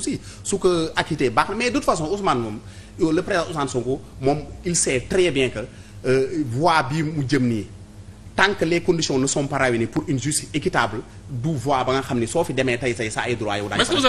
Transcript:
aussi su ko acquitté baax na mais de toute façon Ousmane moom le président Ousmane Sonko moom il sait très bien que euh, voie bii mu jëm nii tant les conditions ne sont pas pour une justice équitable du voie ba nga xam ni soo fi demee tey say sa ay droit yow.